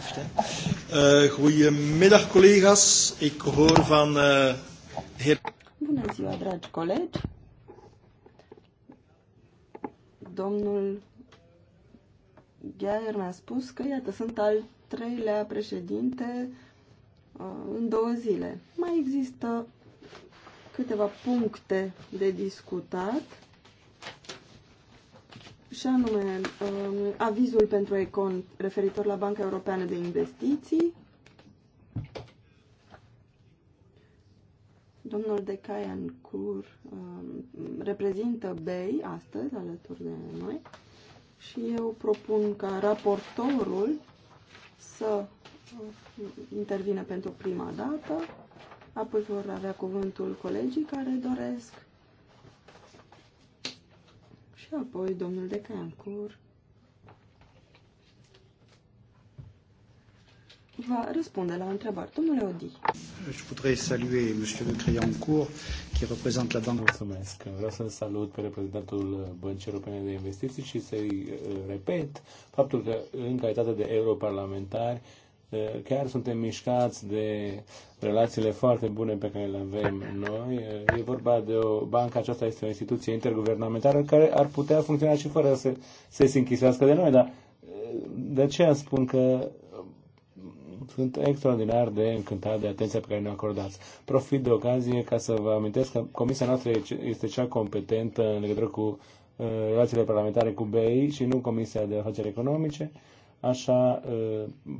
Uh, goedemiddag collega's. Ik hoor van uh, heer... Bună ziua, dragi colegi. Domnul Gheaier mi-a spus că, iată, sunt al treilea președinte uh, în două zile. Mai există câteva puncte de discutat și anume um, avizul pentru Econ referitor la Banca Europeană de Investiții. Domnul de Caian Cur um, reprezintă BEI astăzi alături de noi și eu propun ca raportorul să uh, intervine pentru prima dată, apoi vor avea cuvântul colegii care doresc și apoi domnul de Cancur va răspunde la întrebare. Domnule Odi. Je voudrais saluer monsieur de Créancourt, qui représente la Banque. Mulțumesc. Vreau să salut pe reprezentantul Băncii Europene de Investiții și să-i uh, repet faptul că, în calitate de europarlamentari, chiar suntem mișcați de relațiile foarte bune pe care le avem noi. E vorba de o bancă, aceasta este o instituție interguvernamentală care ar putea funcționa și fără să, să se închisească de noi, dar de aceea spun că sunt extraordinar de încântat de atenția pe care ne acordați. Profit de ocazie ca să vă amintesc că comisia noastră este cea competentă în legătură cu relațiile parlamentare cu BEI și nu Comisia de Afaceri Economice. Uh, Așa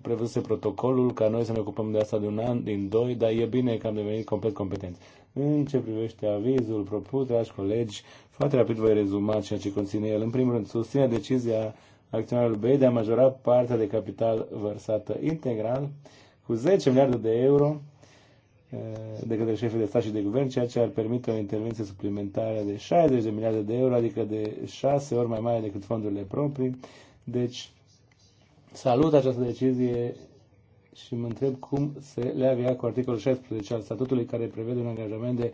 prevăzuse protocolul ca noi să ne ocupăm de asta de un an, din doi, dar e bine că am devenit complet competenți. În ce privește avizul propus, dragi colegi, foarte rapid voi rezuma ceea ce conține el. În primul rând, susține decizia acționarului B de a majora partea de capital vărsată integral cu 10 miliarde de euro de către șefii de stat și de guvern, ceea ce ar permite o intervenție suplimentară de 60 de miliarde de euro, adică de 6 ori mai mare decât fondurile proprii. Deci, Salut această decizie și mă întreb cum se leagă ea cu articolul 16 al statutului care prevede un angajament de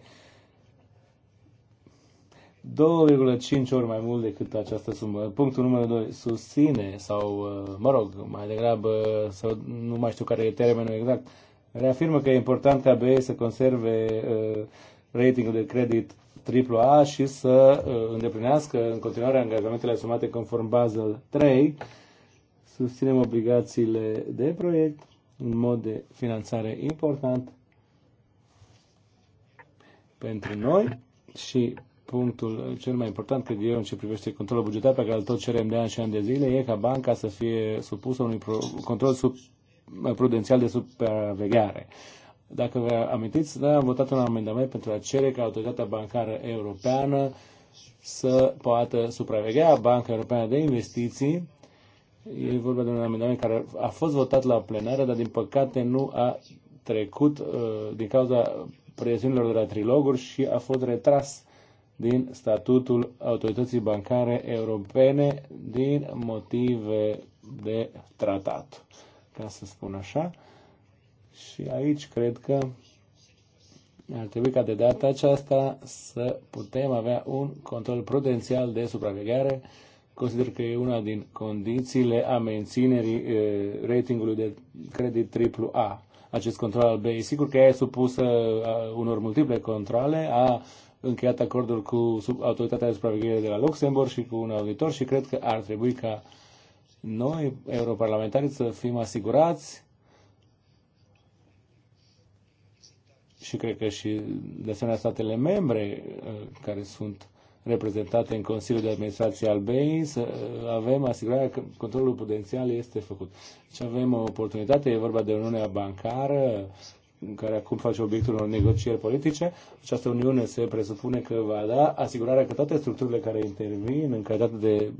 2,5 ori mai mult decât această sumă. Punctul numărul 2. Susține sau, uh, mă rog, mai degrabă, sau nu mai știu care e termenul exact, reafirmă că e important ca BE să conserve uh, ratingul de credit AAA și să uh, îndeplinească în continuare angajamentele asumate conform Basel 3 susținem obligațiile de proiect, un mod de finanțare important pentru noi și punctul cel mai important, cred eu, în ce privește controlul bugetar pe care îl tot cerem de ani și ani de zile, e ca banca să fie supusă unui control sub, prudențial de supraveghere. Dacă vă amintiți, noi da, am votat un amendament pentru a cere ca Autoritatea Bancară Europeană să poată supraveghea Banca Europeană de Investiții E vorba de un amendament care a fost votat la plenară, dar din păcate nu a trecut uh, din cauza presiunilor de la triloguri și a fost retras din statutul Autorității Bancare Europene din motive de tratat, ca să spun așa. Și aici cred că ar trebui ca de data aceasta să putem avea un control prudențial de supraveghere uh, consider că e una din condițiile a menținerii ratingului de credit AAA. Acest control al BEI, sigur că ea e supusă unor multiple controle, a încheiat acorduri cu autoritatea de supraveghere de la Luxemburg și cu un auditor și cred că ar trebui ca noi, europarlamentarii, să fim asigurați și cred că și de asemenea statele membre care sunt reprezentate în Consiliul de Administrație al BEI, să avem asigurarea că controlul prudențial este făcut. Deci avem o oportunitate, e vorba de Uniunea Bancară, care acum face obiectul unor negocieri politice. Această Uniune se presupune că va da asigurarea că toate structurile care intervin în calitate de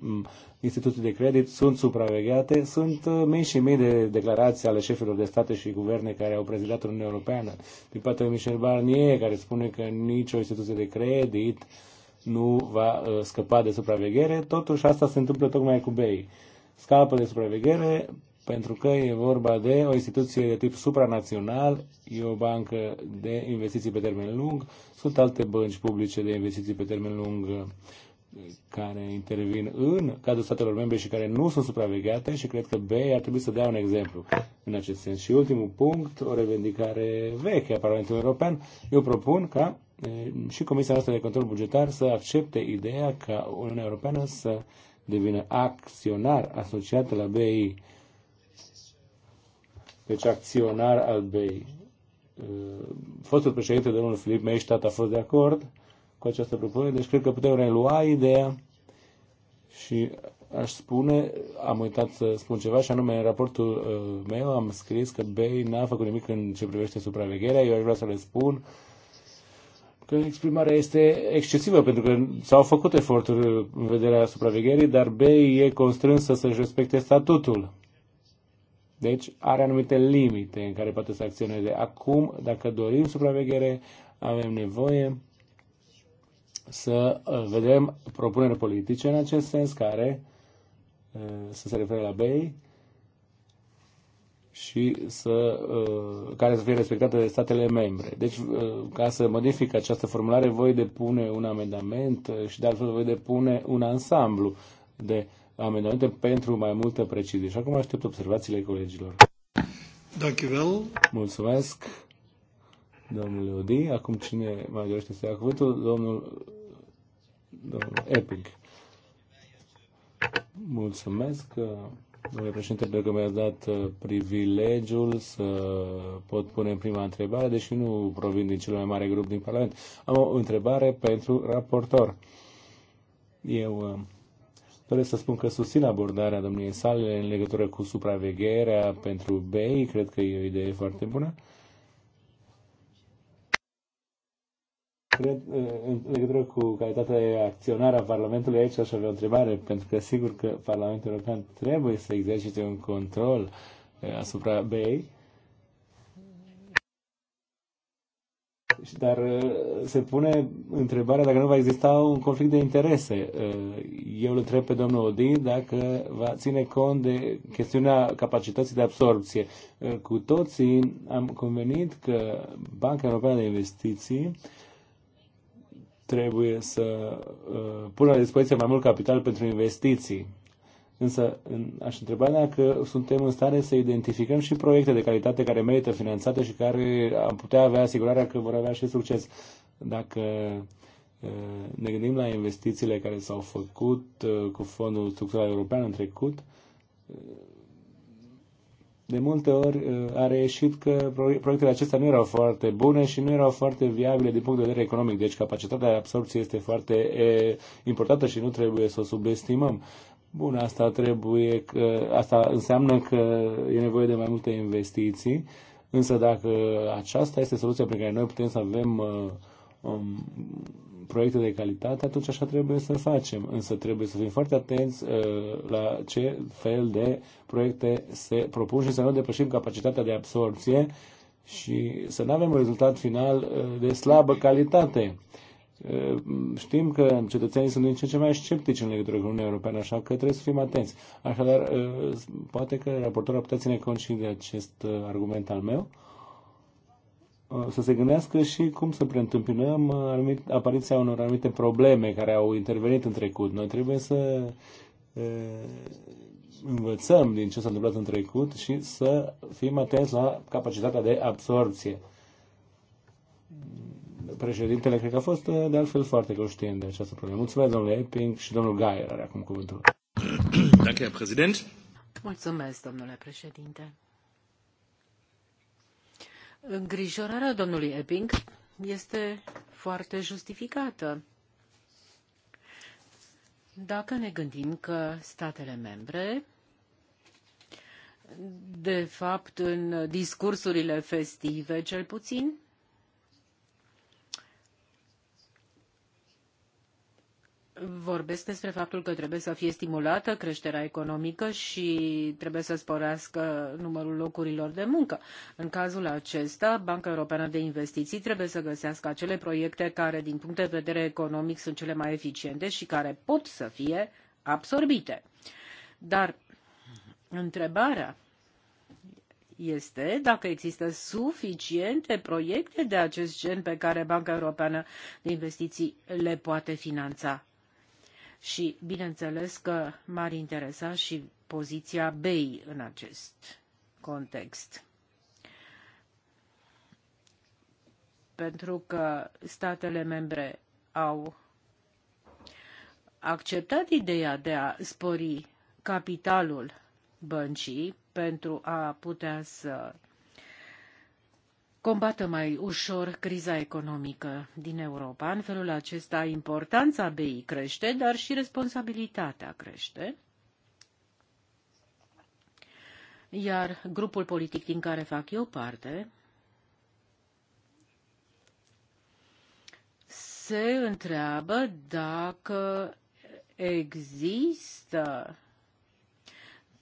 instituții de credit sunt supravegheate. Sunt uh, mii și mii de declarații ale șefilor de state și guverne care au prezidat Uniunea Europeană. Din partea Michel Barnier, care spune că nicio instituție de credit nu va uh, scăpa de supraveghere, totuși asta se întâmplă tocmai cu BEI. Scapă de supraveghere pentru că e vorba de o instituție de tip supranațional, e o bancă de investiții pe termen lung, sunt alte bănci publice de investiții pe termen lung uh, care intervin în cadrul statelor membre și care nu sunt supravegheate și cred că BEI ar trebui să dea un exemplu în acest sens. Și ultimul punct, o revendicare veche a Parlamentului European, eu propun ca și Comisia noastră de control bugetar să accepte ideea ca Uniunea Europeană să devină acționar asociat la BI. Deci acționar al BI. Fostul președinte, domnul Filip Meiștat a fost de acord cu această propunere, deci cred că putem relua ideea și aș spune, am uitat să spun ceva și anume în raportul uh, meu am scris că BEI n-a făcut nimic în ce privește supravegherea, eu aș vrea să le spun că exprimarea este excesivă, pentru că s-au făcut eforturi în vederea supravegherii, dar B e constrânsă să-și respecte statutul. Deci are anumite limite în care poate să acționeze. Acum, dacă dorim supraveghere, avem nevoie să uh, vedem propuneri politice în acest sens care uh, să se referă la BEI și să, uh, care să fie respectate de statele membre. Deci, uh, ca să modific această formulare, voi depune un amendament uh, și de altfel voi depune un ansamblu de amendamente pentru mai multă precizie. Și acum aștept observațiile colegilor. Dankjewel. Mulțumesc, domnule Odi. Acum cine mai dorește să ia cuvântul? Domnul, domnul Epic. Mulțumesc. Domnule președinte, pentru că mi-ați dat uh, privilegiul să pot pune în prima întrebare, deși nu provin din cel mai mare grup din Parlament. Am o întrebare pentru raportor. Eu uh, doresc să spun că susțin abordarea domniei sale în legătură cu supravegherea pentru BEI, cred că e o idee foarte bună. Cred, uh, în legătură cu calitatea de acționare a Parlamentului, aici aș avea o întrebare, pentru că sigur că Parlamentul European trebuie să exercite un control uh, asupra BEI, dar uh, se pune întrebarea dacă nu va exista un conflict de interese. Eu îl întreb pe domnul Odin dacă va ține cont de chestiunea capacității de absorpție. Cu toții am convenit că Banca Europeană de Investiții trebuie să uh, pună la dispoziție mai mult capital pentru investiții. Însă în, aș întreba dacă suntem în stare să identificăm și proiecte de calitate care merită finanțate și care am putea avea asigurarea că vor avea și succes. Dacă uh, ne gândim la investițiile care s-au făcut uh, cu Fondul Structural European în trecut, uh, de multe ori uh, a reieșit că proiectele acestea nu erau foarte bune și nu erau foarte viabile din punct de vedere economic. Deci capacitatea de absorpție este foarte e, importantă și nu trebuie să o subestimăm. Bun, asta trebuie că, asta înseamnă că e nevoie de mai multe investiții, însă dacă aceasta este soluția prin care noi putem să avem uh, um, proiecte de calitate, atunci așa trebuie să facem. Însă trebuie să fim foarte atenți uh, la ce fel de proiecte se propun și să nu depășim capacitatea de absorpție și să nu avem un rezultat final uh, de slabă calitate. Uh, știm că cetățenii sunt din ce ce mai sceptici în legătură cu Uniunea Europeană, așa că trebuie să fim atenți. Așadar, poate că raportorul putea ține cont și de acest argument al meu. Uh, să se gândească și cum să preîntâmpinăm uh, apariția unor anumite probleme care au intervenit în trecut. Noi trebuie să uh, învățăm din ce s-a întâmplat în trecut și să fim atenți la capacitatea de absorpție. Președintele cred că a fost de altfel foarte conștient de această problemă. Mulțumesc, domnule Epping și domnul Gaier are acum cuvântul. Mulțumesc, domnule președinte. Îngrijorarea domnului Epping este foarte justificată. Dacă ne gândim că statele membre, de fapt în discursurile festive cel puțin, vorbesc despre faptul că trebuie să fie stimulată creșterea economică și trebuie să sporească numărul locurilor de muncă. În cazul acesta, Banca Europeană de Investiții trebuie să găsească acele proiecte care, din punct de vedere economic, sunt cele mai eficiente și care pot să fie absorbite. Dar întrebarea este dacă există suficiente proiecte de acest gen pe care Banca Europeană de Investiții le poate finanța și bineînțeles că m-ar interesa și poziția BEI în acest context. Pentru că statele membre au acceptat ideea de a spori capitalul băncii pentru a putea să combată mai ușor criza economică din Europa. În felul acesta, importanța BI crește, dar și responsabilitatea crește. Iar grupul politic din care fac eu parte se întreabă dacă există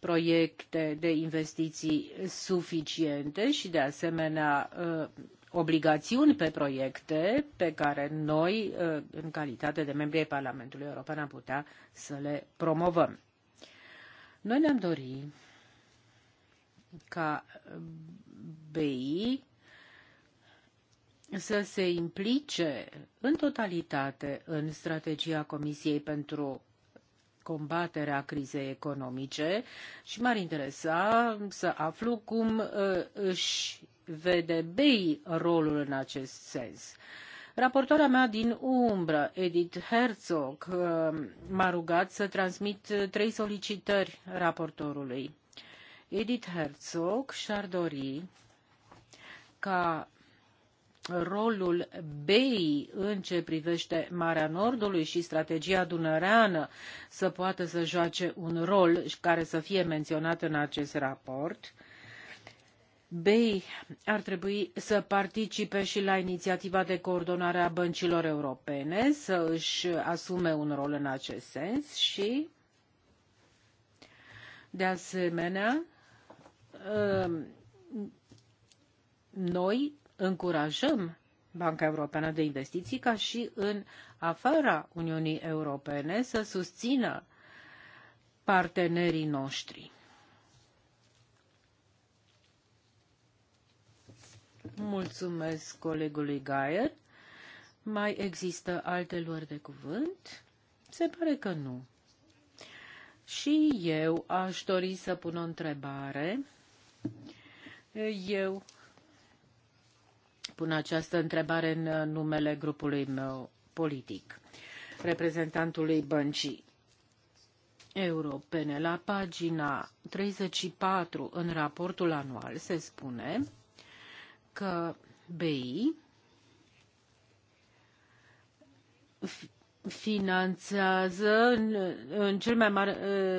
proiecte de investiții suficiente și, de asemenea, uh, obligațiuni pe proiecte pe care noi, uh, în calitate de membri ai Parlamentului European, am putea să le promovăm. Noi ne-am dorit ca BI să se implice în totalitate în strategia Comisiei pentru combaterea crizei economice și m-ar interesa să aflu cum uh, își vede BEI rolul în acest sens. Raportoarea mea din umbră, Edith Herzog, uh, m-a rugat să transmit trei solicitări raportorului. Edith Herzog și-ar dori ca rolul BEI în ce privește Marea Nordului și strategia dunăreană să poată să joace un rol care să fie menționat în acest raport. bei ar trebui să participe și la inițiativa de coordonare a băncilor europene să își asume un rol în acest sens și de asemenea ă, noi încurajăm Banca Europeană de Investiții ca și în afara Uniunii Europene să susțină partenerii noștri. Mulțumesc colegului Gaier. Mai există alte luări de cuvânt? Se pare că nu. Și eu aș dori să pun o întrebare. Eu pun această întrebare în uh, numele grupului meu politic, reprezentantului băncii europene. La pagina 34 în raportul anual se spune că BI finanțează în, cel mai mare,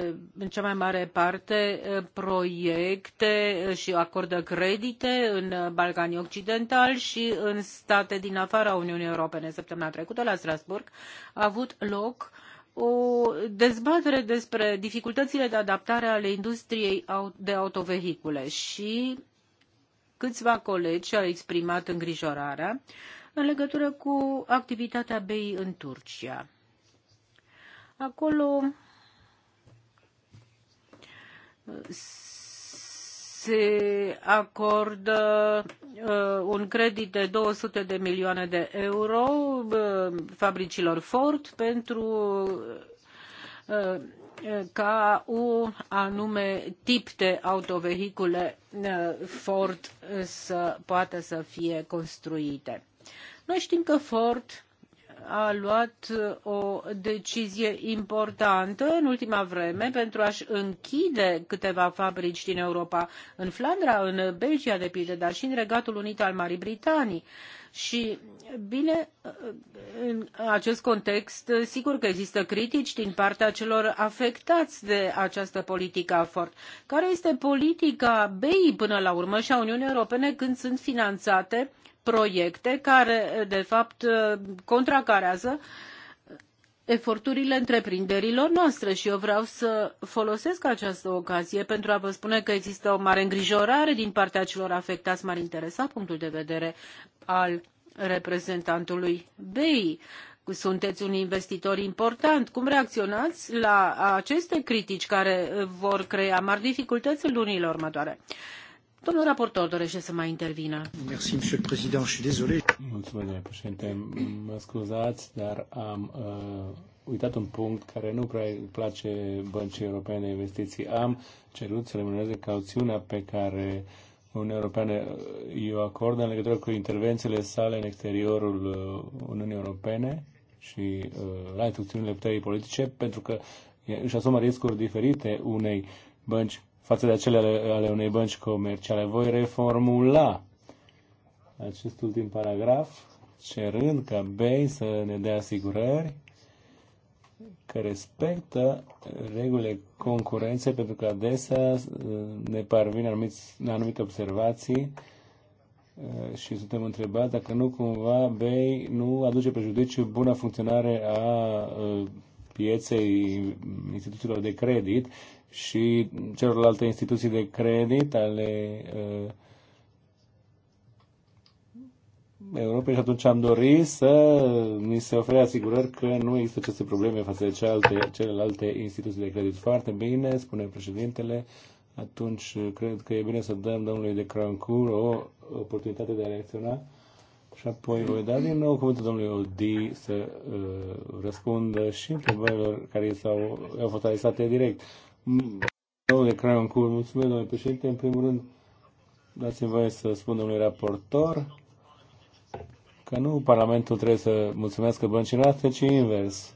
uh, în cea mai mare parte uh, proiecte uh, și acordă credite în Balcanii Occidentali și în state din afara Uniunii Europene. Săptămâna trecută la Strasbourg a avut loc o dezbatere despre dificultățile de adaptare ale industriei de autovehicule și câțiva colegi au exprimat îngrijorarea în legătură cu activitatea BEI în Turcia. Acolo se acordă uh, un credit de 200 de milioane de euro uh, fabricilor Ford pentru uh, ca un anume tip de autovehicule Ford să poată să fie construite. Noi știm că Ford a luat uh, o decizie importantă în ultima vreme pentru a-și închide câteva fabrici din Europa, în Flandra, în Belgia, de pildă, dar și în Regatul Unit al Marii Britanii. Și, bine, uh, în acest context, uh, sigur că există critici din partea celor afectați de această politică a Ford. Care este politica BEI până la urmă și a Uniunii Europene când sunt finanțate proiecte care, de fapt, contracarează eforturile întreprinderilor noastre și eu vreau să folosesc această ocazie pentru a vă spune că există o mare îngrijorare din partea celor afectați. M-ar interesa punctul de vedere al reprezentantului BEI. Sunteți un investitor important. Cum reacționați la aceste critici care vor crea mari dificultăți în lunile următoare? Domnul raportor dorește să mai intervină. Mulțumesc, domnule președinte. Mă scuzați, dar am uh, uitat un punct care nu prea îi place băncii europene de investiții. Am cerut să remunereze cauțiunea pe care Uniunea Europeană uh, o acordă în legătură cu intervențiile sale în exteriorul uh, Uniunii Europene și uh, la instrucțiunile puterii politice, pentru că își asumă riscuri diferite unei bănci față de acele ale unei bănci comerciale. Voi reformula acest ultim paragraf cerând ca BEI să ne dea asigurări că respectă regulile concurenței, pentru că adesea uh, ne parvin anumiți, anumite observații uh, și suntem întrebați dacă nu cumva BEI nu aduce prejudiciu buna funcționare a uh, pieței instituțiilor de credit și celorlalte instituții de credit ale uh, Europei și atunci am dorit să mi se ofere asigurări că nu există aceste probleme față de cealaltă, celelalte instituții de credit. Foarte bine, spune președintele, atunci cred că e bine să dăm domnului de Crancur o oportunitate de a reacționa și apoi voi da din nou cuvântul domnului Odi să uh, răspundă și întrebărilor care s-au, au fost adresate direct. Domnule Crauncu, mulțumesc, domnule președinte. În primul rând, dați-mi voie să spun domnului raportor că nu Parlamentul trebuie să mulțumească băncii noastre, ci invers.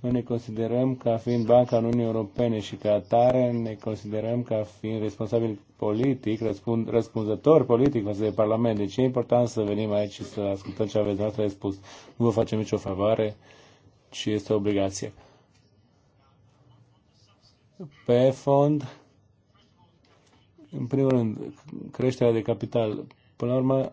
Noi ne considerăm ca fiind Banca Uniunii Europene și ca atare ne considerăm ca fiind responsabil politic, răspund, răspunzător politic față de Parlament. Deci e important să venim aici și să ascultăm ce aveți noastră de spus. Nu vă facem nicio favoare, ci este o obligație pe fond, în primul rând, creșterea de capital. Până la urmă,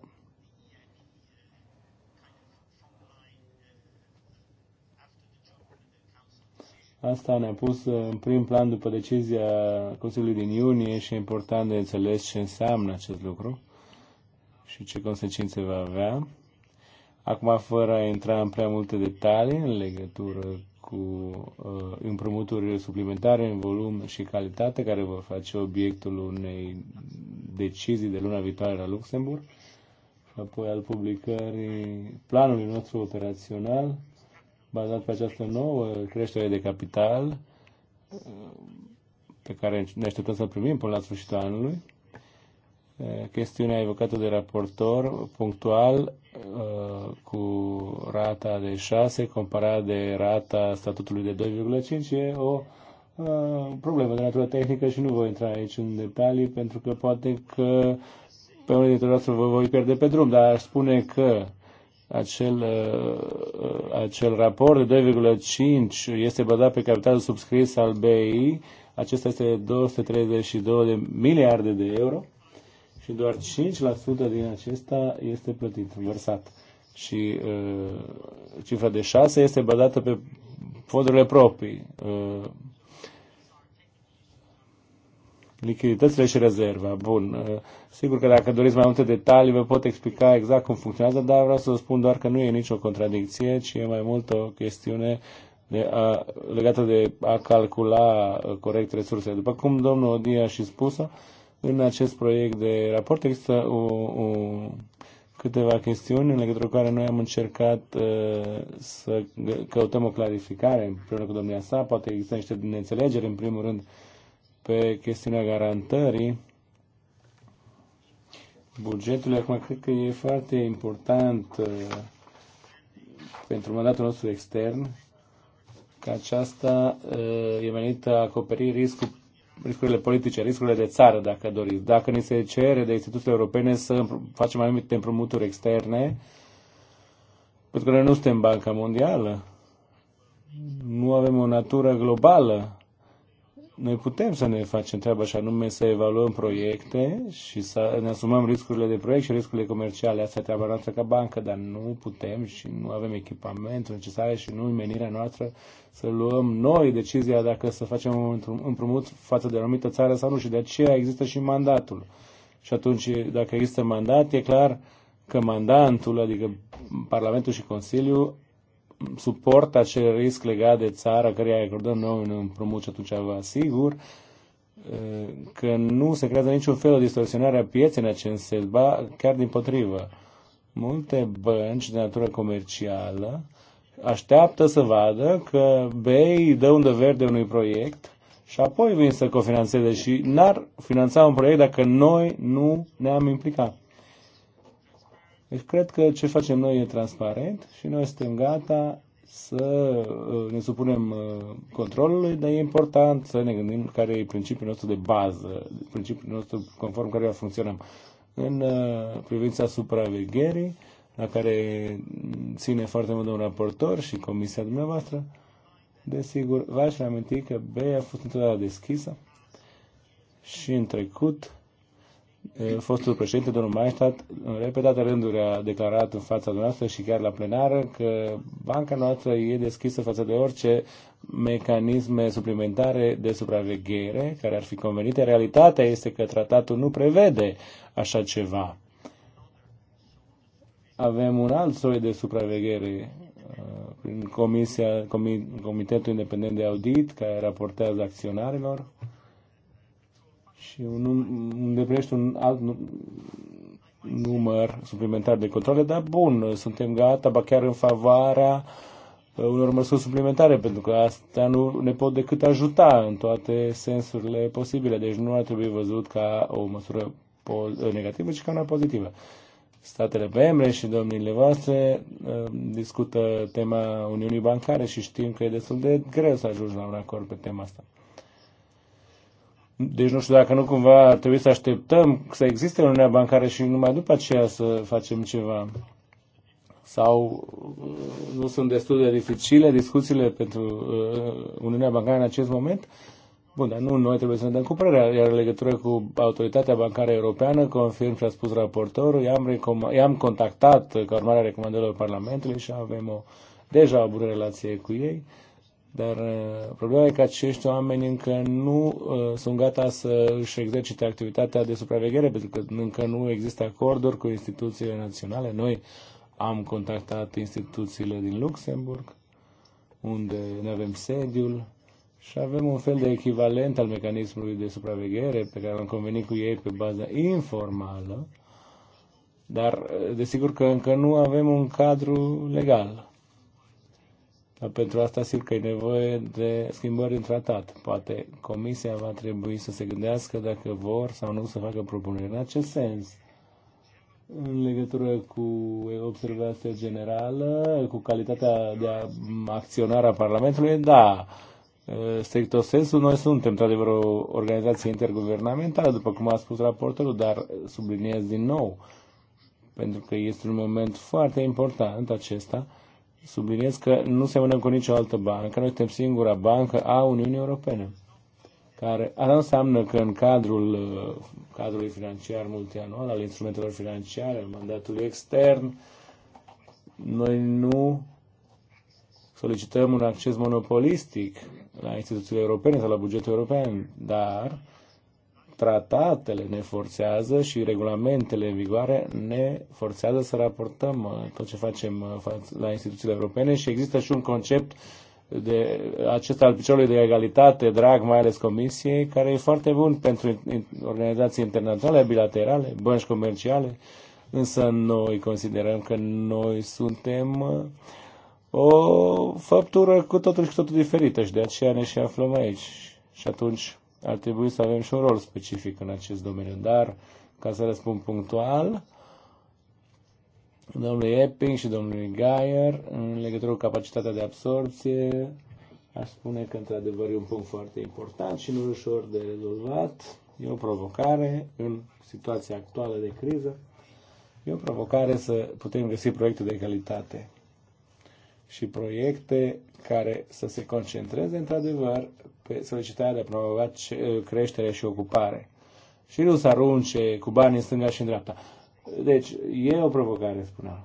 Asta ne-a pus în prim plan după decizia Consiliului din iunie și e important de înțeles ce înseamnă acest lucru și ce consecințe va avea. Acum, fără a intra în prea multe detalii în legătură cu uh, împrumuturi suplimentare în volum și calitate, care vor face obiectul unei decizii de luna viitoare la Luxemburg, și apoi al publicării planului nostru operațional, bazat pe această nouă creștere de capital, uh, pe care ne așteptăm să primim până la sfârșitul anului, Eh, chestiunea evocată de raportor punctual eh, cu rata de 6 comparat de rata statutului de 2,5 e o eh, problemă de natură tehnică și nu voi intra aici în detalii pentru că poate că pe unul dintre noastre vă voi pierde pe drum, dar aș spune că acel, acel raport de 2,5 este bazat pe capitalul subscris al BI, acesta este 232 de miliarde de euro și doar 5% din acesta este plătit, vărsat. Și uh, cifra de 6 este bazată pe fondurile proprii. Uh, lichiditățile și rezerva. Bun. Uh, sigur că dacă doriți mai multe detalii, vă pot explica exact cum funcționează, dar vreau să vă spun doar că nu e nicio contradicție, ci e mai mult o chestiune de a, legată de a calcula uh, corect resursele. După cum domnul Odia și spus-o, în acest proiect de raport există o, o, câteva chestiuni în legătură cu care noi am încercat uh, să căutăm o clarificare împreună cu domnia sa. Poate există niște neînțelegeri, în primul rând, pe chestiunea garantării bugetului. Acum, cred că e foarte important uh, pentru mandatul nostru extern că aceasta uh, e venită a acoperi riscul riscurile politice, riscurile de țară, dacă doriți. Dacă ni se cere de instituțiile europene să facem mai multe împrumuturi externe, pentru că noi nu suntem Banca Mondială, nu avem o natură globală noi putem să ne facem treaba și anume să evaluăm proiecte și să ne asumăm riscurile de proiect și riscurile comerciale. Asta e treaba noastră ca bancă, dar nu putem și nu avem echipamentul necesar și nu în menirea noastră să luăm noi decizia dacă să facem un împrumut față de o anumită țară sau nu. Și de aceea există și mandatul. Și atunci, dacă există mandat, e clar că mandantul, adică Parlamentul și Consiliul, suportă acel risc legat de țara care îi acordăm noi în împrumut și atunci vă asigur uh, că nu se creează niciun fel de distorsionare a pieței în acest sens, ba chiar din potrivă. Multe bănci de natură comercială așteaptă să vadă că BEI dă undă verde unui proiect și apoi vin să cofinanțeze și n-ar finanța un proiect dacă noi nu ne-am implicat. Deci cred că ce facem noi e transparent și noi suntem gata să uh, ne supunem uh, controlului, dar e important să ne gândim care e principiul nostru de bază, principiul nostru conform căruia funcționăm. În uh, privința supravegherii, la care ține foarte mult un raportor și comisia dumneavoastră, desigur, v-aș aminti că B a fost întotdeauna deschisă și în trecut fostul președinte, domnul Maestat, în repetate rânduri a declarat în fața noastră și chiar la plenară că banca noastră e deschisă față de orice mecanisme suplimentare de supraveghere care ar fi convenite. Realitatea este că tratatul nu prevede așa ceva. Avem un alt soi de supraveghere prin Comisia, Comitetul Independent de Audit care raportează acționarilor și un, îndeplinește un alt număr suplimentar de controle, dar bun, suntem gata, ba chiar în favoarea uh, unor măsuri suplimentare, pentru că asta nu ne pot decât ajuta în toate sensurile posibile. Deci nu ar trebui văzut ca o măsură negativă, ci ca una pozitivă. Statele membre și domnile voastre uh, discută tema Uniunii Bancare și știm că e destul de greu să ajungi la un acord pe tema asta. Deci nu știu dacă nu cumva ar trebui să așteptăm să existe uniunea bancară și numai după aceea să facem ceva. Sau uh, nu sunt destul de dificile discuțiile pentru uh, uniunea bancară în acest moment? Bun, dar nu noi trebuie să ne dăm cu părerea, iar în legătură cu Autoritatea Bancară Europeană, confirm ce a spus raportorul, i-am, i-am contactat ca urmare a recomandărilor Parlamentului și avem o, deja o bună relație cu ei dar uh, problema e că acești oameni încă nu uh, sunt gata să își exercite activitatea de supraveghere, pentru că încă nu există acorduri cu instituțiile naționale. Noi am contactat instituțiile din Luxemburg, unde ne avem sediul și avem un fel de echivalent al mecanismului de supraveghere pe care am convenit cu ei pe baza informală, dar uh, desigur că încă nu avem un cadru legal. Dar pentru asta sigur că e nevoie de schimbări în tratat. Poate Comisia va trebui să se gândească dacă vor sau nu să facă propuneri în acest sens. În legătură cu observația generală, cu calitatea de acționare a Parlamentului, da, stricto sensul, noi suntem într-adevăr o organizație interguvernamentală, după cum a spus raportorul, dar subliniez din nou, pentru că este un moment foarte important acesta, subliniez că nu semănăm cu nicio altă bancă, noi suntem singura bancă a Uniunii Europene. Care, asta înseamnă că în cadrul uh, cadrului financiar multianual, al instrumentelor financiare, al mandatului extern, noi nu solicităm un acces monopolistic la instituțiile europene sau la bugetul european, dar tratatele ne forțează și regulamentele în vigoare ne forțează să raportăm uh, tot ce facem uh, la instituțiile europene și există și un concept de acest al piciorului de egalitate, drag mai ales Comisiei, care e foarte bun pentru organizații internaționale, bilaterale, bănci comerciale, însă noi considerăm că noi suntem uh, o făptură cu totul și cu totul diferită și de aceea ne și aflăm aici. Și atunci ar trebui să avem și un rol specific în acest domeniu. Dar, ca să răspund punctual, domnului Epping și domnului Geyer, în legătură cu capacitatea de absorpție, aș spune că într-adevăr e un punct foarte important și nu ușor de rezolvat. E o provocare în situația actuală de criză. E o provocare să putem găsi proiecte de calitate și proiecte care să se concentreze într-adevăr pe solicitarea de a promova creștere și ocupare. Și nu să arunce cu bani în stânga și în dreapta. Deci, e o provocare, spuneam.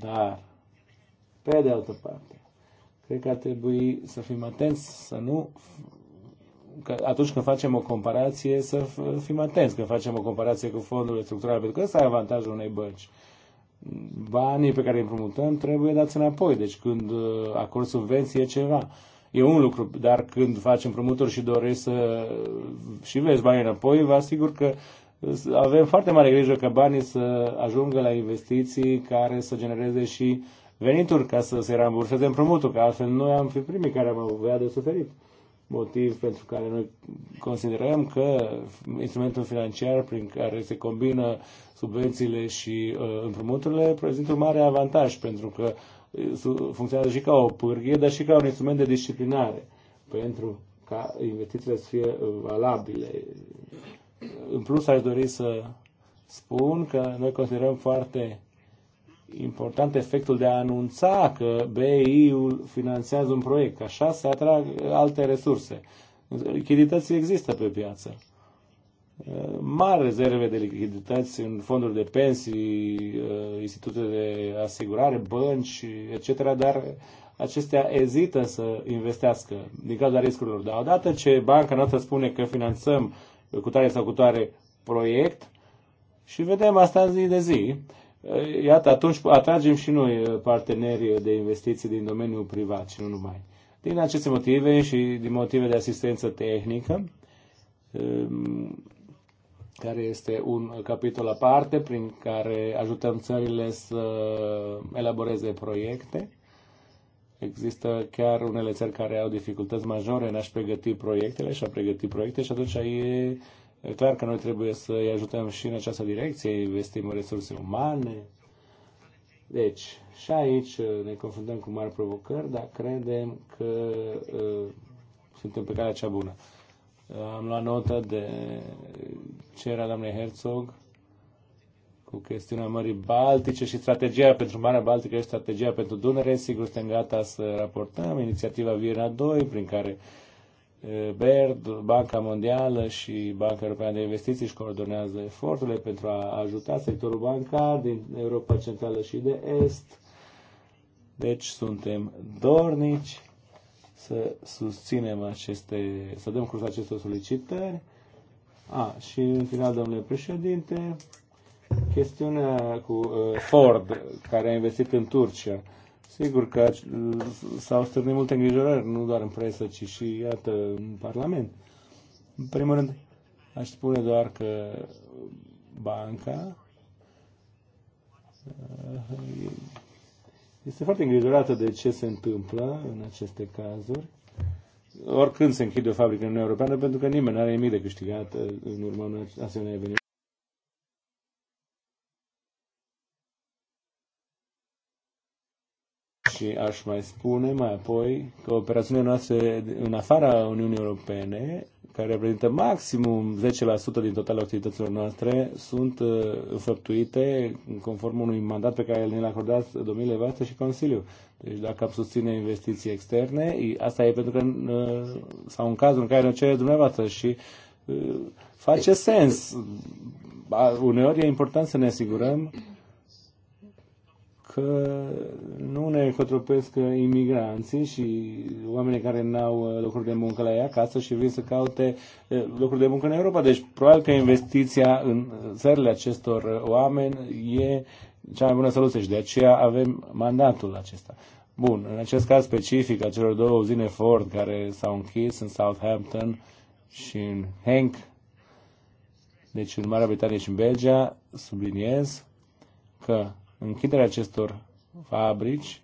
Dar, pe de altă parte, cred că ar trebui să fim atenți, să nu că atunci când facem o comparație, să fim atenți când facem o comparație cu fondurile structurale, pentru că ăsta e avantajul unei bănci banii pe care îi împrumutăm trebuie dați înapoi. Deci când uh, acord subvenție e ceva. E un lucru, dar când faci împrumuturi și dorești să și vezi banii înapoi, vă asigur că uh, avem foarte mare grijă ca banii să ajungă la investiții care să genereze și venituri ca să se ramburseze împrumutul, că altfel noi am fi primii care am avea de suferit motiv pentru care noi considerăm că instrumentul financiar prin care se combină subvențiile și uh, împrumuturile prezintă un mare avantaj pentru că uh, funcționează și ca o pârghie, dar și ca un instrument de disciplinare pentru ca investițiile să fie uh, valabile. În plus, aș dori să spun că noi considerăm foarte important efectul de a anunța că BEI-ul finanțează un proiect. Așa se atrag alte resurse. Lichidității există pe piață. Mari rezerve de lichidități în fonduri de pensii, uh, institute de asigurare, bănci, etc., dar acestea ezită să investească din cauza riscurilor. Dar odată ce banca noastră spune că finanțăm cu tare sau cu tare proiect și vedem asta zi de zi, iată, atunci atragem și noi uh, partenerii de investiții din domeniul privat și nu numai. Din aceste motive și din motive de asistență tehnică, um, care este un capitol aparte prin care ajutăm țările să elaboreze proiecte. Există chiar unele țări care au dificultăți majore în a-și pregăti proiectele și a pregăti proiecte și atunci e E clar că noi trebuie să îi ajutăm și în această direcție, investim în resurse umane. Deci, și aici uh, ne confruntăm cu mari provocări, dar credem că uh, suntem pe calea cea bună. Uh, am luat notă de ce era doamnei Herzog cu chestiunea Mării Baltice și strategia pentru Marea Baltică și strategia pentru Dunăre. Sigur, suntem gata să raportăm inițiativa Viena 2, prin care uh, BERD, Banca Mondială și Banca Europeană de Investiții își coordonează eforturile pentru a ajuta sectorul bancar din Europa Centrală și de Est. Deci suntem dornici să susținem aceste, să dăm curs aceste solicitări. A, și în final, domnule președinte, chestiunea cu uh, Ford, care a investit în Turcia. Sigur că uh, s-au stârnit multe îngrijorări, nu doar în presă, ci și, iată, în Parlament. În primul rând, aș spune doar că banca uh, este foarte îngrijorată de ce se întâmplă în aceste cazuri. Oricând se închide o fabrică în Uniunea Europeană, pentru că nimeni nu are nimic de câștigat uh, în urma unui asemenea eveniment. Și aș mai spune mai apoi că operațiunile noastre în afara Uniunii Europene, care reprezintă maximum 10% din totalul activităților noastre, sunt uh, înfăptuite conform unui mandat pe care ne-l acordat domnile voastre și Consiliul. Deci dacă am susține investiții externe, asta e pentru că, uh, sau în cazul în care ne cere dumneavoastră și uh, face sens. Uneori e important să ne asigurăm că nu ne cotropesc imigranții și oamenii care n-au uh, locuri de muncă la ei acasă și vin să caute uh, locuri de muncă în Europa. Deci, probabil că investiția în țările acestor uh, oameni e cea mai bună soluție și de aceea avem mandatul acesta. Bun, în acest caz specific a celor două uzine Ford care s-au închis în Southampton și în Henk, deci în Marea Britanie și în Belgia, subliniez că închiderea acestor fabrici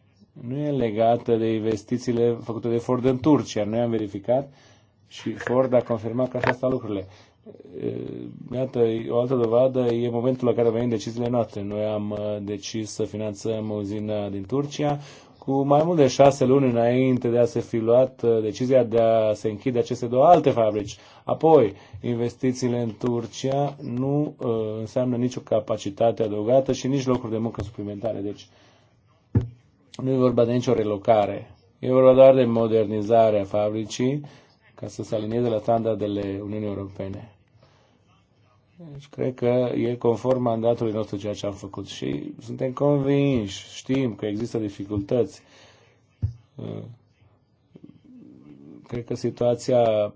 nu e legată de investițiile făcute de Ford în Turcia. Noi am verificat și Ford a confirmat că așa stau lucrurile. Iată, o altă dovadă e momentul la care venim deciziile noastre. Noi am uh, decis să finanțăm o uzina din Turcia, cu mai mult de șase luni înainte de a se fi luat uh, decizia de a se închide aceste două alte fabrici. Apoi, investițiile în Turcia nu uh, înseamnă nicio capacitate adăugată și nici locuri de muncă suplimentare. Deci, nu e vorba de nicio relocare. E vorba doar de modernizarea fabricii ca să se alinieze la standardele Uniunii Europene. Deci cred că e conform mandatului nostru ceea ce am făcut și suntem convinși, știm că există dificultăți. Uh, cred că situația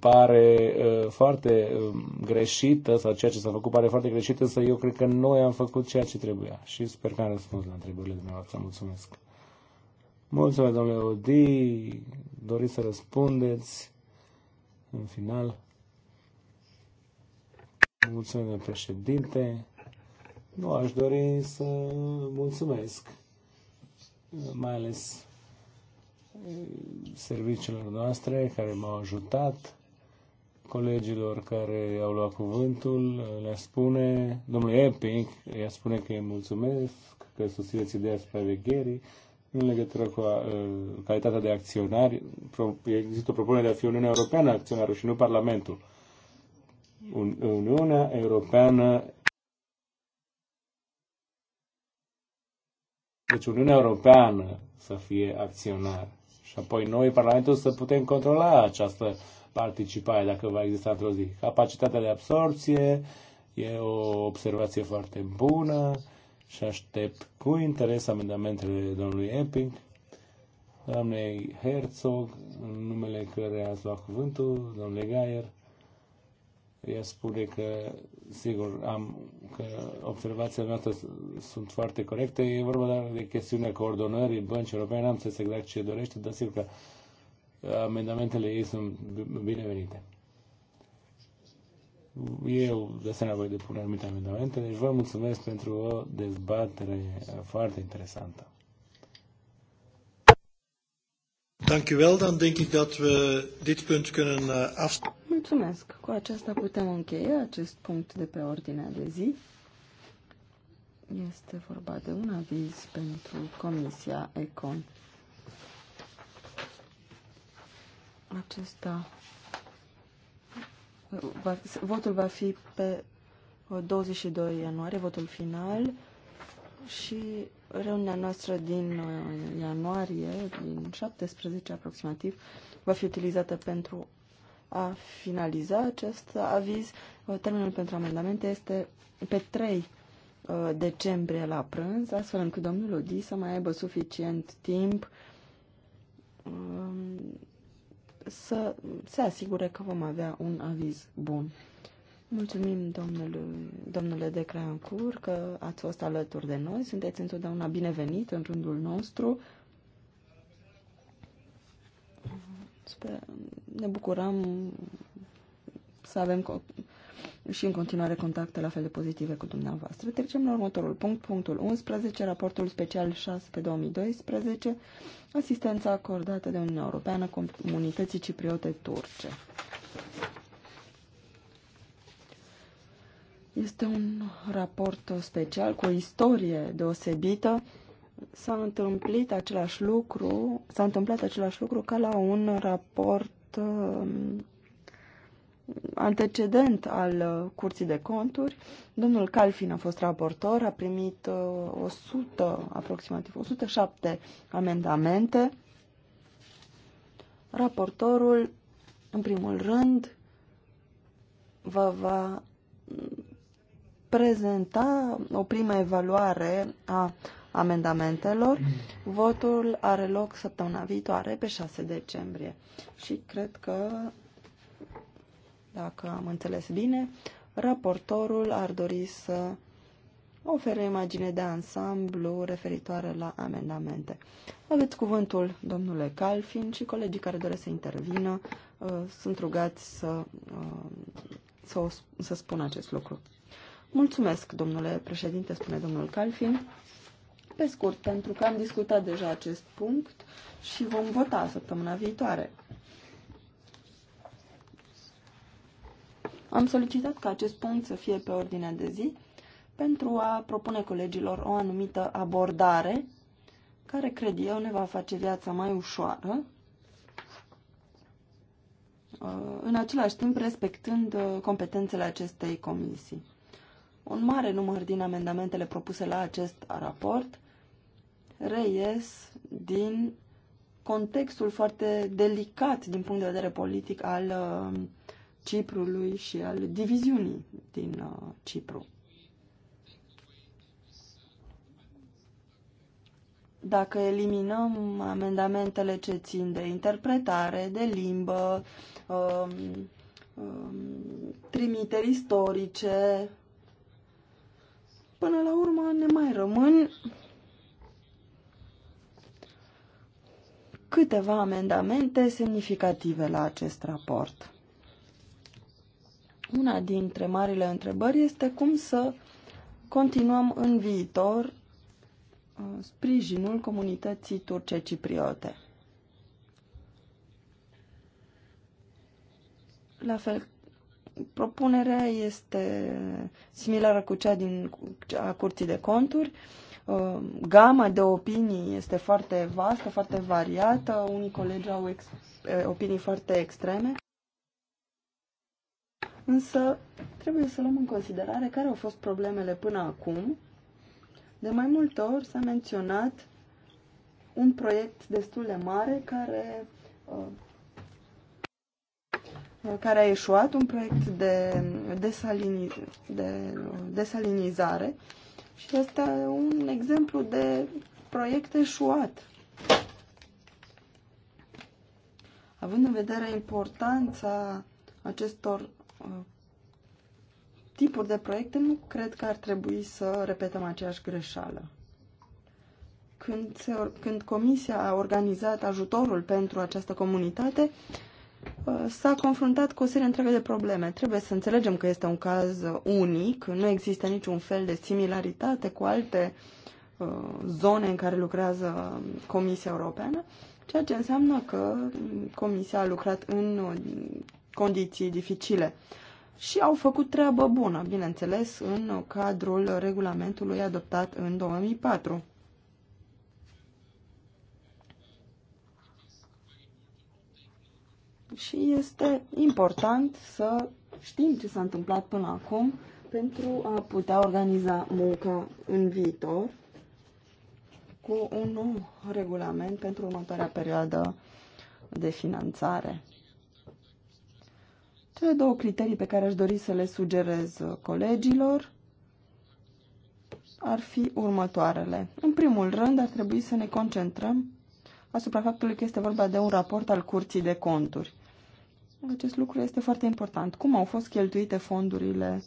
pare uh, foarte um, greșită sau ceea ce s-a făcut pare foarte greșită, însă eu cred că noi am făcut ceea ce trebuia și sper că am răspuns la întrebările dumneavoastră. Mulțumesc! Mulțumesc, domnule Odi, doriți să răspundeți în final. Mulțumesc, domnule președinte. Nu aș dori să mulțumesc, mai ales eh, serviciilor noastre care m-au ajutat, colegilor care au luat cuvântul, le spune, domnul Epic, ea spune că îi mulțumesc, că susțineți ideea supravegherii, în legătură cu a, eh, calitatea de acționari, pro, există o propunere de a fi Uniunea Europeană acționarul și nu Parlamentul. Uniunea Europeană Deci Uniunea Europeană să fie acționar. Și apoi noi, Parlamentul, să putem controla această participare, dacă va exista într-o zi. Capacitatea de absorpție e o observație foarte bună și aștept cu interes amendamentele domnului Epping, doamnei Herzog, în numele care ați luat cuvântul, domnule Gaier ea spune că, sigur, am, că observațiile noastre sunt foarte corecte. E vorba doar de chestiunea coordonării băncii europene. N-am înțeles exact ce dorește, dar sigur că amendamentele ei sunt binevenite. Eu, de asemenea, voi depune anumite amendamente, deci vă mulțumesc pentru o dezbatere foarte interesantă. Dank u wel. Dan denk ik dat we dit punt kunnen eh, afsluiten. Mulțumesc! Cu aceasta putem încheia acest punct de pe ordinea de zi. Este vorba de un aviz pentru Comisia ECON. Acesta... Va, votul va fi pe 22 uh, ianuarie, votul final, și reuniunea noastră din uh, ianuarie, din 17 aproximativ, va fi utilizată pentru a finaliza acest aviz. Uh, termenul pentru amendamente este pe 3 uh, decembrie la prânz, astfel încât domnul Odi să mai aibă suficient timp um, să se asigure că vom avea un aviz bun. Mulțumim, domnului, domnule de Creancur, că ați fost alături de noi. Sunteți întotdeauna binevenit în rândul nostru. Sper, ne bucurăm să avem și în continuare contacte la fel de pozitive cu dumneavoastră. Trecem la următorul punct, punctul 11, raportul special 6 pe 2012, asistența acordată de Uniunea Europeană comunității cipriote turce. Este un raport special cu o istorie deosebită s-a întâmplat același lucru, s-a întâmplat același lucru ca la un raport um, antecedent al uh, Curții de Conturi. Domnul Calfin a fost raportor, a primit 100, uh, aproximativ 107 amendamente. Raportorul, în primul rând, vă va prezenta o primă evaluare a amendamentelor. Votul are loc săptămâna viitoare, pe 6 decembrie. Și cred că, dacă am înțeles bine, raportorul ar dori să ofere imagine de ansamblu referitoare la amendamente. Aveți cuvântul, domnule Calfin, și colegii care doresc să intervină uh, sunt rugați să, uh, să, o, să spun acest lucru. Mulțumesc, domnule președinte, spune domnul Calfin. Pe scurt, pentru că am discutat deja acest punct și vom vota săptămâna viitoare. Am solicitat ca acest punct să fie pe ordinea de zi pentru a propune colegilor o anumită abordare care, cred eu, ne va face viața mai ușoară, uh, în același timp respectând uh, competențele acestei comisii. Un mare număr din amendamentele propuse la acest raport reies din contextul foarte delicat din punct de vedere politic al uh, Ciprului și al diviziunii din uh, Cipru. Dacă eliminăm amendamentele ce țin de interpretare, de limbă, um, um, trimiteri istorice, Până la urmă ne mai rămân câteva amendamente semnificative la acest raport. Una dintre marile întrebări este cum să continuăm în viitor uh, sprijinul comunității turce cipriote. La fel Propunerea este similară cu cea din a Curții de Conturi. Uh, gama de opinii este foarte vastă, foarte variată. Unii colegi au ex- eh, opinii foarte extreme. Însă trebuie să luăm în considerare care au fost problemele până acum. De mai multe ori s-a menționat un proiect destul de mare care uh, care a eșuat, un proiect de, de desalinizare și este un exemplu de proiect eșuat. Având în vedere importanța acestor uh, tipuri de proiecte, nu cred că ar trebui să repetăm aceeași greșeală. Când, se, când Comisia a organizat ajutorul pentru această comunitate, Uh, s-a confruntat cu o serie întreagă de probleme. Trebuie să înțelegem că este un caz unic, nu există niciun fel de similaritate cu alte uh, zone în care lucrează Comisia Europeană, ceea ce înseamnă că Comisia a lucrat în uh, condiții dificile și au făcut treabă bună, bineînțeles, în cadrul regulamentului adoptat în 2004. și este important să știm ce s-a întâmplat până acum pentru a putea organiza munca în viitor cu un nou regulament pentru următoarea perioadă de finanțare. Cele două criterii pe care aș dori să le sugerez colegilor ar fi următoarele. În primul rând, ar trebui să ne concentrăm asupra faptului că este vorba de un raport al Curții de Conturi. Acest lucru este foarte important. Cum au fost cheltuite fondurile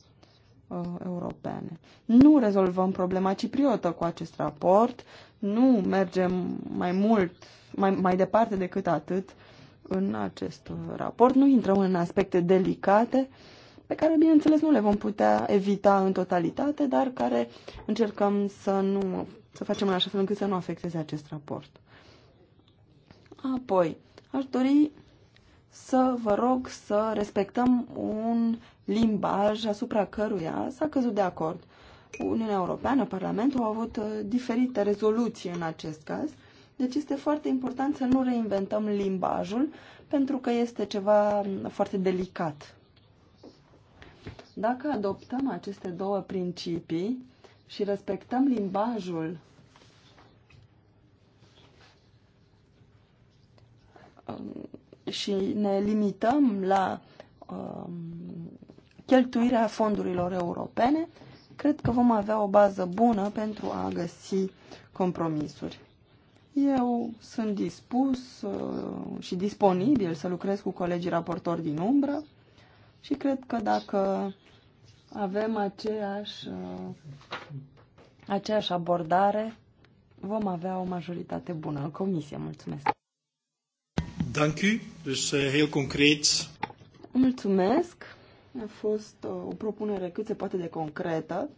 uh, europene? Nu rezolvăm problema cipriotă cu acest raport, nu mergem mai mult, mai, mai departe decât atât în acest raport, nu intrăm în aspecte delicate pe care, bineînțeles, nu le vom putea evita în totalitate, dar care încercăm să nu să facem în așa fel încât să nu afecteze acest raport. Apoi, aș dori să vă rog să respectăm un limbaj asupra căruia s-a căzut de acord. Uniunea Europeană, Parlamentul au avut uh, diferite rezoluții în acest caz, deci este foarte important să nu reinventăm limbajul, pentru că este ceva mm, foarte delicat. Dacă adoptăm aceste două principii și respectăm limbajul um, și ne limităm la um, cheltuirea fondurilor europene, cred că vom avea o bază bună pentru a găsi compromisuri. Eu sunt dispus uh, și disponibil să lucrez cu colegii raportori din umbră și cred că dacă avem aceeași, uh, aceeași abordare, vom avea o majoritate bună în comisie. Mulțumesc! Dank u. Dus uh, heel concreet. Mulțumesc. A fost uh, o propunere cât se poate de concretă.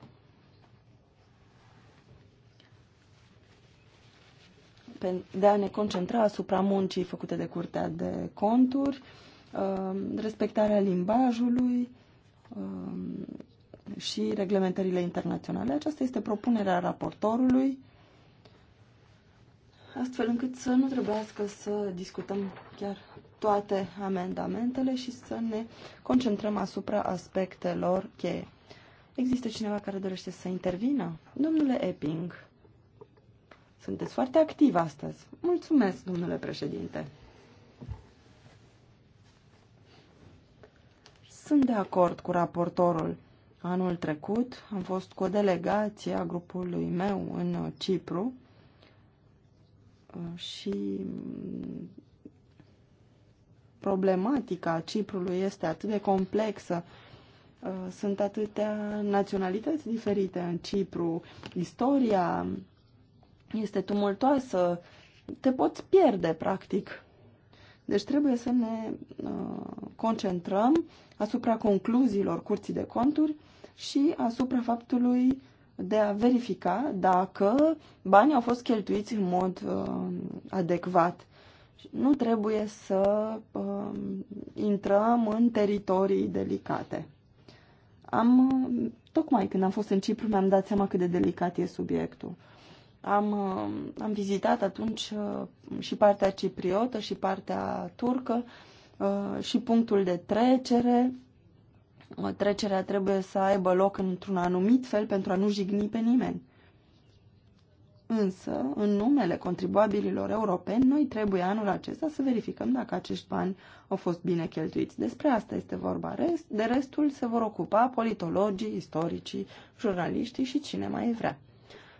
de a ne concentra asupra muncii făcute de Curtea de Conturi, um, respectarea limbajului um, și reglementările internaționale. Aceasta este propunerea raportorului astfel încât să nu trebuiască să discutăm chiar toate amendamentele și să ne concentrăm asupra aspectelor cheie. Există cineva care dorește să intervină? Domnule Epping, sunteți foarte activ astăzi. Mulțumesc, domnule președinte. Sunt de acord cu raportorul. Anul trecut am fost cu o delegație a grupului meu în Cipru și problematica Ciprului este atât de complexă. Uh, sunt atâtea naționalități diferite în Cipru. Istoria este tumultoasă. Te poți pierde, practic. Deci trebuie să ne uh, concentrăm asupra concluziilor curții de conturi și asupra faptului de a verifica dacă banii au fost cheltuiți în mod uh, adecvat. Nu trebuie să uh, intrăm în teritorii delicate. Am, tocmai când am fost în Cipru, mi-am dat seama cât de delicat e subiectul. Am, uh, am vizitat atunci uh, și partea cipriotă și partea turcă uh, și punctul de trecere Uh, trecerea trebuie să aibă loc într-un anumit fel pentru a nu jigni pe nimeni. Însă, în numele contribuabililor europeni, noi trebuie anul acesta să verificăm dacă acești bani au fost bine cheltuiți. Despre asta este vorba. De restul se vor ocupa politologii, istoricii, jurnaliștii și cine mai vrea.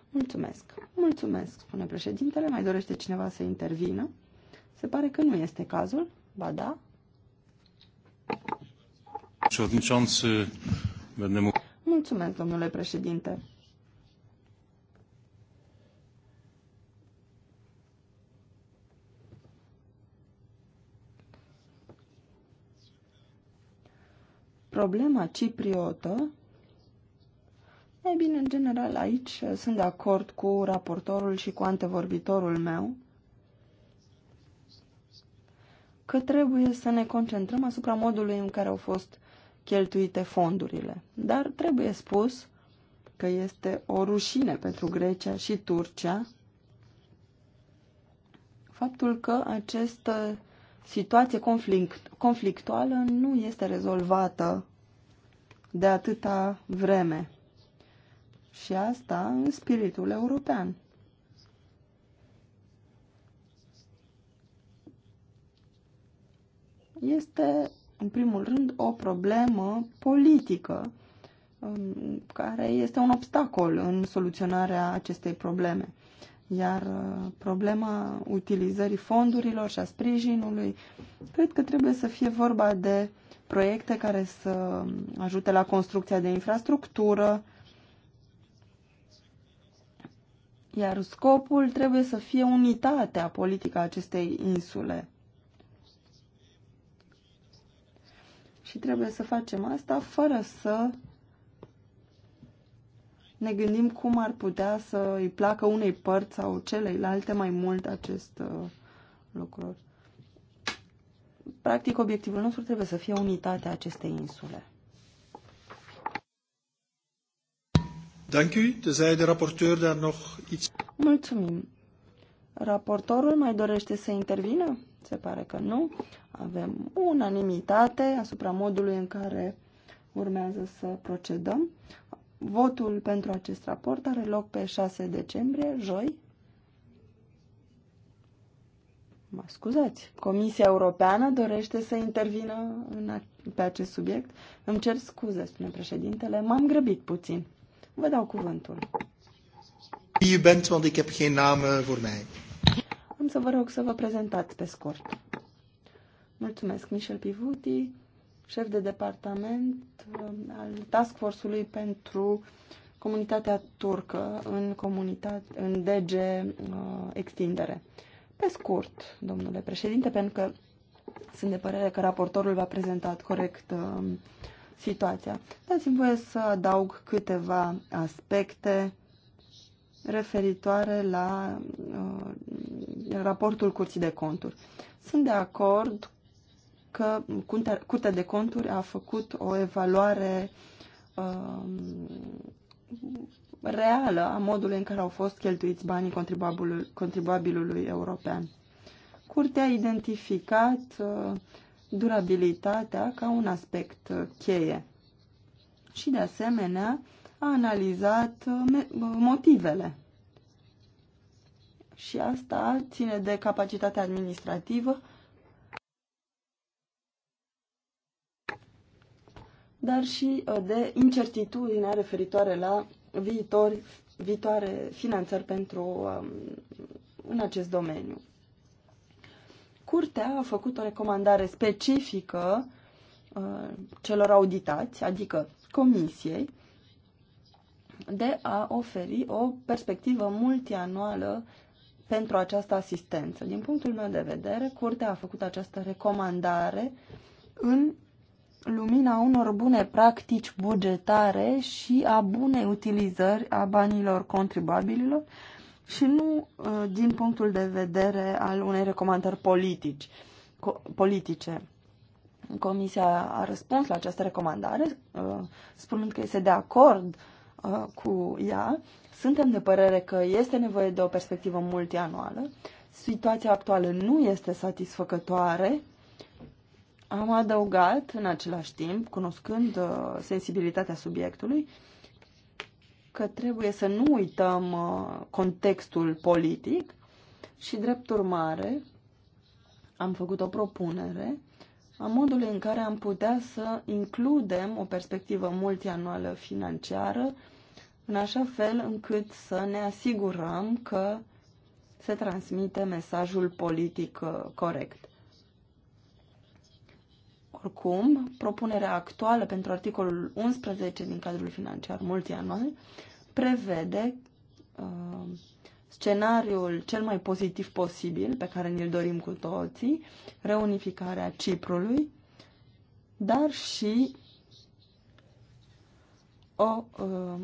Mulțumesc. Mulțumesc, spune președintele. Mai dorește cineva să intervină? Se pare că nu este cazul. Ba da. Mulțumesc, domnule președinte. Problema cipriotă ei bine, în general, aici sunt de acord cu raportorul și cu antevorbitorul meu că trebuie să ne concentrăm asupra modului în care au fost cheltuite fondurile. Dar trebuie spus că este o rușine pentru Grecia și Turcia faptul că această situație conflict, conflictuală nu este rezolvată de atâta vreme. Și asta în spiritul european. Este în primul rând, o problemă politică um, care este un obstacol în soluționarea acestei probleme. Iar uh, problema utilizării fondurilor și a sprijinului, cred că trebuie să fie vorba de proiecte care să ajute la construcția de infrastructură, iar scopul trebuie să fie unitatea politică a acestei insule. și trebuie să facem asta fără să ne gândim cum ar putea să îi placă unei părți sau celeilalte mai mult acest uh, lucru. Practic, obiectivul nostru trebuie să fie unitatea acestei insule. Mulțumim. Raportorul mai dorește să intervină? Se pare că nu. Avem unanimitate asupra modului în care urmează să procedăm. Votul pentru acest raport are loc pe 6 decembrie, joi. Mă scuzați, Comisia Europeană dorește să intervină în a- pe acest subiect. Îmi cer scuze, spune președintele, m-am grăbit puțin. Vă dau cuvântul. U bent, want ik heb geen naam voor mij. Am să vă rog să vă prezentați pe scurt. Mulțumesc, Michel Pivuti, șef de departament um, al Task Force-ului pentru comunitatea turcă în, comunitate, în DG uh, Extindere. Pe scurt, domnule președinte, pentru că sunt de părere că raportorul v-a prezentat corect uh, situația. Dați-mi voie să adaug câteva aspecte referitoare la uh, raportul Curții de Conturi. Sunt de acord că Curtea de Conturi a făcut o evaluare um, reală a modului în care au fost cheltuiți banii contribuabilului, contribuabilului european. Curtea a identificat uh, durabilitatea ca un aspect uh, cheie și, de asemenea, a analizat uh, motivele și asta ține de capacitatea administrativă, dar și uh, de incertitudinea referitoare la viitor, viitoare finanțări pentru um, în acest domeniu. Curtea a făcut o recomandare specifică uh, celor auditați, adică comisiei, de a oferi o perspectivă multianuală pentru această asistență. Din punctul meu de vedere, Curtea a făcut această recomandare în lumina unor bune practici bugetare și a bunei utilizări a banilor contribuabililor și nu uh, din punctul de vedere al unei recomandări politici, politice. Comisia a răspuns la această recomandare, uh, spunând că este de acord uh, cu ea suntem de părere că este nevoie de o perspectivă multianuală. Situația actuală nu este satisfăcătoare. Am adăugat în același timp, cunoscând uh, sensibilitatea subiectului, că trebuie să nu uităm uh, contextul politic și, drept urmare, am făcut o propunere a modului în care am putea să includem o perspectivă multianuală financiară uh, în așa fel încât să ne asigurăm că se transmite mesajul politic uh, corect. Oricum, propunerea actuală pentru articolul 11 din cadrul financiar multianual prevede uh, scenariul cel mai pozitiv posibil pe care ne-l dorim cu toții, reunificarea Ciprului, dar și o uh,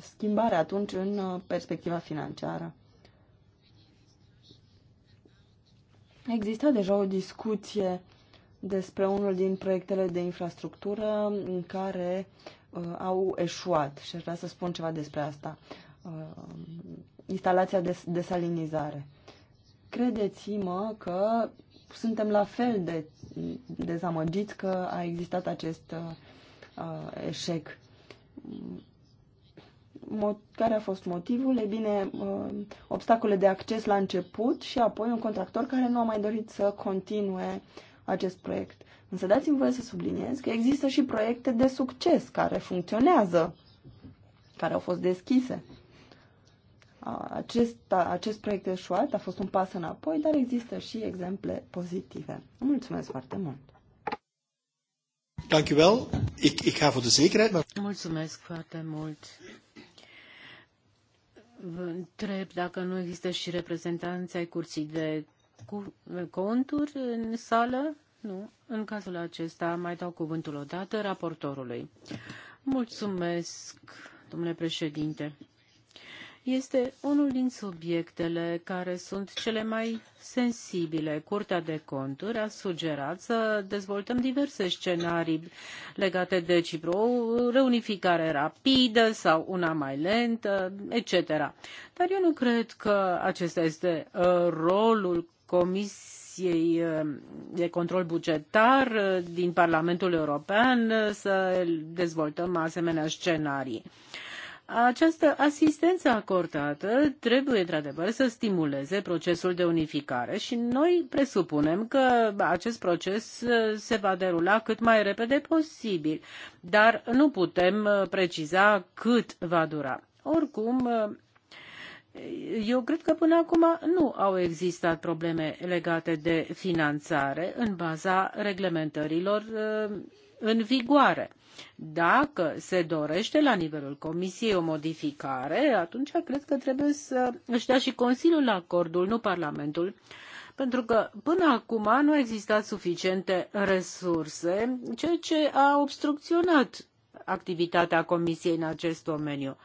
schimbare atunci în uh, perspectiva financiară. Exista deja o discuție despre unul din proiectele de infrastructură în care uh, au eșuat și aș vrea să spun ceva despre asta. Uh, instalația de desalinizare. Credeți-mă că suntem la fel de dezamăgiți că a existat acest uh, eșec. Uh, care a fost motivul? E bine, uh, obstacole de acces la început și apoi un contractor care nu a mai dorit să continue acest proiect. Însă dați-mi voie să subliniez că există și proiecte de succes care funcționează, care au fost deschise. Acest, acest proiect eșuat a fost un pas înapoi, dar există și exemple pozitive. Mulțumesc foarte mult! Mulțumesc foarte mult. Vă întreb dacă nu există și reprezentanți ai curții de conturi în sală. Nu. În cazul acesta mai dau cuvântul odată raportorului. Mulțumesc, domnule președinte este unul din subiectele care sunt cele mai sensibile. Curtea de conturi a sugerat să dezvoltăm diverse scenarii legate de Cipru, o reunificare rapidă sau una mai lentă, etc. Dar eu nu cred că acesta este uh, rolul Comisiei uh, de Control Bugetar uh, din Parlamentul European să dezvoltăm asemenea scenarii. Uh, această asistență acordată trebuie, într-adevăr, să stimuleze procesul de unificare și noi presupunem că acest proces uh, se va derula cât mai repede posibil, dar nu putem uh, preciza cât va dura. Oricum, uh, eu cred că până acum nu au existat probleme legate de finanțare în baza reglementărilor în vigoare dacă se dorește la nivelul Comisiei o modificare, atunci cred că trebuie să își dea și Consiliul acordul, nu Parlamentul, pentru că până acum nu a existat suficiente resurse, ceea ce a obstrucționat activitatea Comisiei în acest domeniu.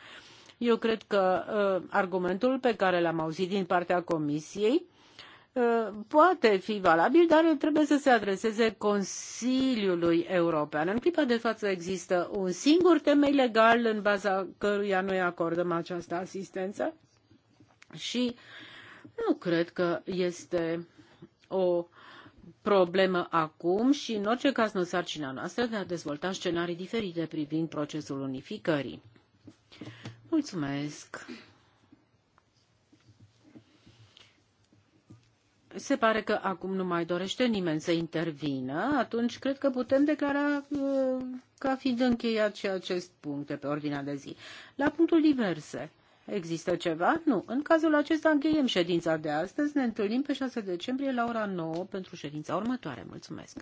Eu cred că uh, argumentul pe care l-am auzit din partea Comisiei poate fi valabil, dar trebuie să se adreseze Consiliului European. În clipa de față există un singur temei legal în baza căruia noi acordăm această asistență și nu cred că este o problemă acum și, în orice caz, nu sarcina noastră de a dezvolta scenarii diferite privind procesul unificării. Mulțumesc! se pare că acum nu mai dorește nimeni să intervină, atunci cred că putem declara uh, ca fiind încheiat și acest punct de pe ordinea de zi. La punctul diverse. Există ceva? Nu. În cazul acesta încheiem ședința de astăzi. Ne întâlnim pe 6 decembrie la ora 9 pentru ședința următoare. Mulțumesc!